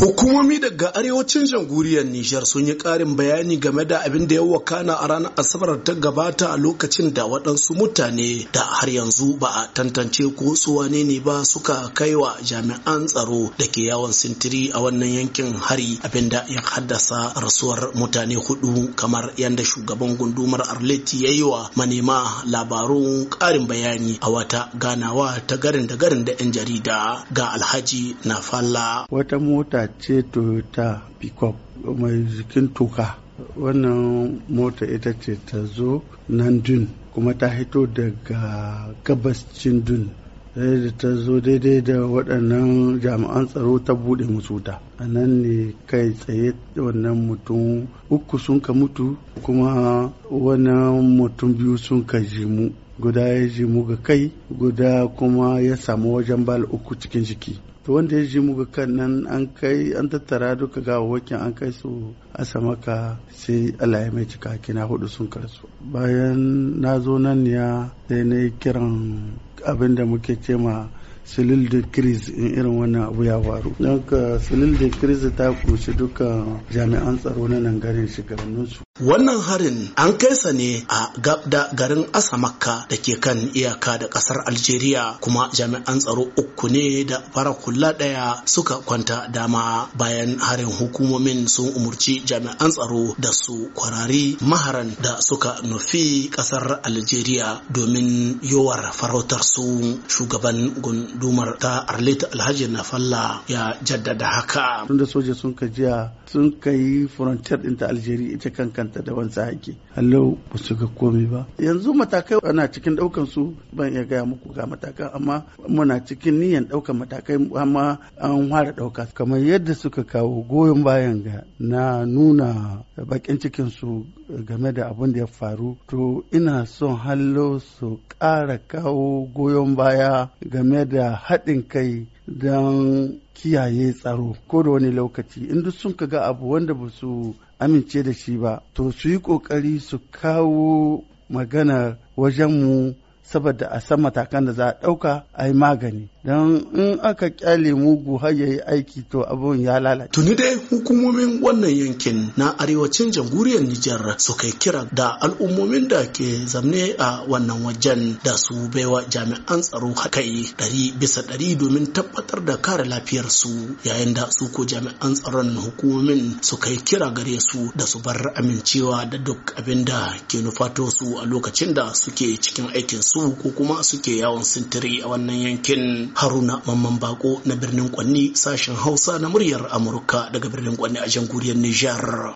Hukumomi daga arewacin jamhuriyar Nijar sun yi ƙarin bayani game da abin da ya wakana a ranar Asabar ta gabata a lokacin da waɗansu mutane da har yanzu ba a tantance ko su ne ba suka kai wa jami'an tsaro da ke yawon sintiri a wannan yankin hari abin da ya haddasa rasuwar mutane hudu kamar yadda shugaban gundumar Arleti ya yi wa manema labarun ƙarin bayani a wata ganawa ta garin da garin da 'yan jarida ga Alhaji Nafalla. Wata mota mota ce toyota pickup mai jikin toka wannan mota ita ce ta zo nan dun kuma ta hito daga gabas cin dun da ta zo daidai da waɗannan jami'an tsaro ta buɗe musu ta. a nan ne kai tsaye wannan mutum uku sun ka mutu kuma wannan mutum biyu sun ka jimu guda ya jimu ga kai guda kuma ya samu wajen bal uku cikin jiki ta wanda ya jimu ga kan nan an kai an tattara duka gawawwakin an kai su asamaka sai Allah ya mai cika kina hudu sun karsu bayan na zo nan ya sai na kiran abin da muke cema silil de crise in irin wannan abu ya faru don ka silil de crise ta kunshi dukkan jami'an tsaro na nan garin shugabannin su Wannan harin an kai sa ne a gabda garin Asamakka da ke kan iyaka da ƙasar Algeria kuma jami'an tsaro uku ne da fara kula ɗaya suka kwanta dama bayan harin hukumomin sun umurci jami'an tsaro da su kwarari maharan da suka nufi ƙasar Algeria domin yowar farautar su shugaban gundumar ta Arlet Alhaji Nafalla ya jaddada haka. Tunda soja sun ka jiya sun ka yi frontier ɗin ta Algeria ita kanta da wansa haƙƙi hallo ba su ga komai ba yanzu matakai ana cikin ɗaukan su ban iya gaya muku ga matakan amma muna cikin niyan ɗaukan matakai amma an fara ɗauka kamar yadda suka kawo goyon bayan ga na nuna baƙin cikin su game da abin da ya faru to ina son hallo su ƙara kawo goyon baya game da haɗin kai don kiyaye tsaro ko da wani lokaci in duk sun ga abu wanda ba su amince da shi ba to su yi ƙoƙari su kawo magana wajenmu saboda a san matakan da za a ɗauka a yi magani don in aka kyale mugu har ya yi aiki to abun ya lalace. Tuni dai hukumomin wannan yankin na arewacin jamhuriyar Nijar kai kira da al'ummomin da ke zamne a wannan wajen da su baiwa jami'an tsaro hakai ɗari bisa ɗari domin tabbatar da kare lafiyar su, yayin da su ko jami'an tsaron hukumomin su kai kira gare su da su bar amincewa da duk abin da ke nufato su a lokacin da suke cikin aikinsu. su ko kuma suke yawon sintiri a wannan yankin haruna mamman bako na birnin kwanni sashen hausa na muryar amurka daga birnin kwanni a jamhuriyar nijar